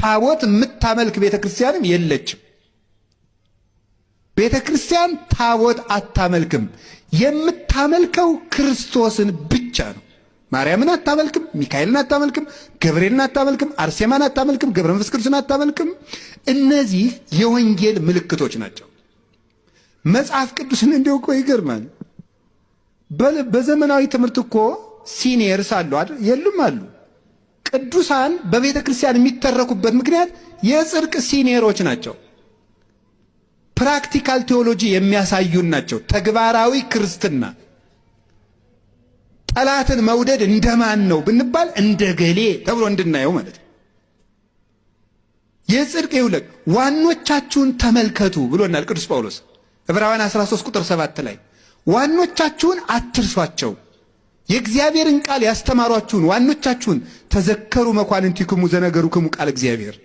ታቦት የምታመልክ ቤተ ክርስቲያንም የለችም። ቤተ ክርስቲያን ታቦት አታመልክም። የምታመልከው ክርስቶስን ብቻ ነው። ማርያምን አታመልክም፣ ሚካኤልን አታመልክም፣ ገብርኤልን አታመልክም፣ አርሴማን አታመልክም፣ ገብረ መንፈስ ቅዱስን አታመልክም። እነዚህ የወንጌል ምልክቶች ናቸው። መጽሐፍ ቅዱስን እንዲው እኮ ይገርማል። በዘመናዊ ትምህርት እኮ ሲኒየርስ አሉ የሉም አሉ ቅዱሳን በቤተ ክርስቲያን የሚተረኩበት ምክንያት የጽድቅ ሲኒየሮች ናቸው። ፕራክቲካል ቴዎሎጂ የሚያሳዩን ናቸው። ተግባራዊ ክርስትና ጠላትን መውደድ እንደማን ነው ብንባል እንደ ገሌ ተብሎ እንድናየው ማለት ነው። የጽድቅ ይውለቅ ዋኖቻችሁን ተመልከቱ ብሎናል ቅዱስ ጳውሎስ ዕብራውያን 13 ቁጥር 7 ላይ ዋኖቻችሁን አትርሷቸው፣ የእግዚአብሔርን ቃል ያስተማሯችሁን ዋኖቻችሁን ተዘከሩ መኳንንቲክሙ ዘነገሩክሙ ቃል እግዚአብሔር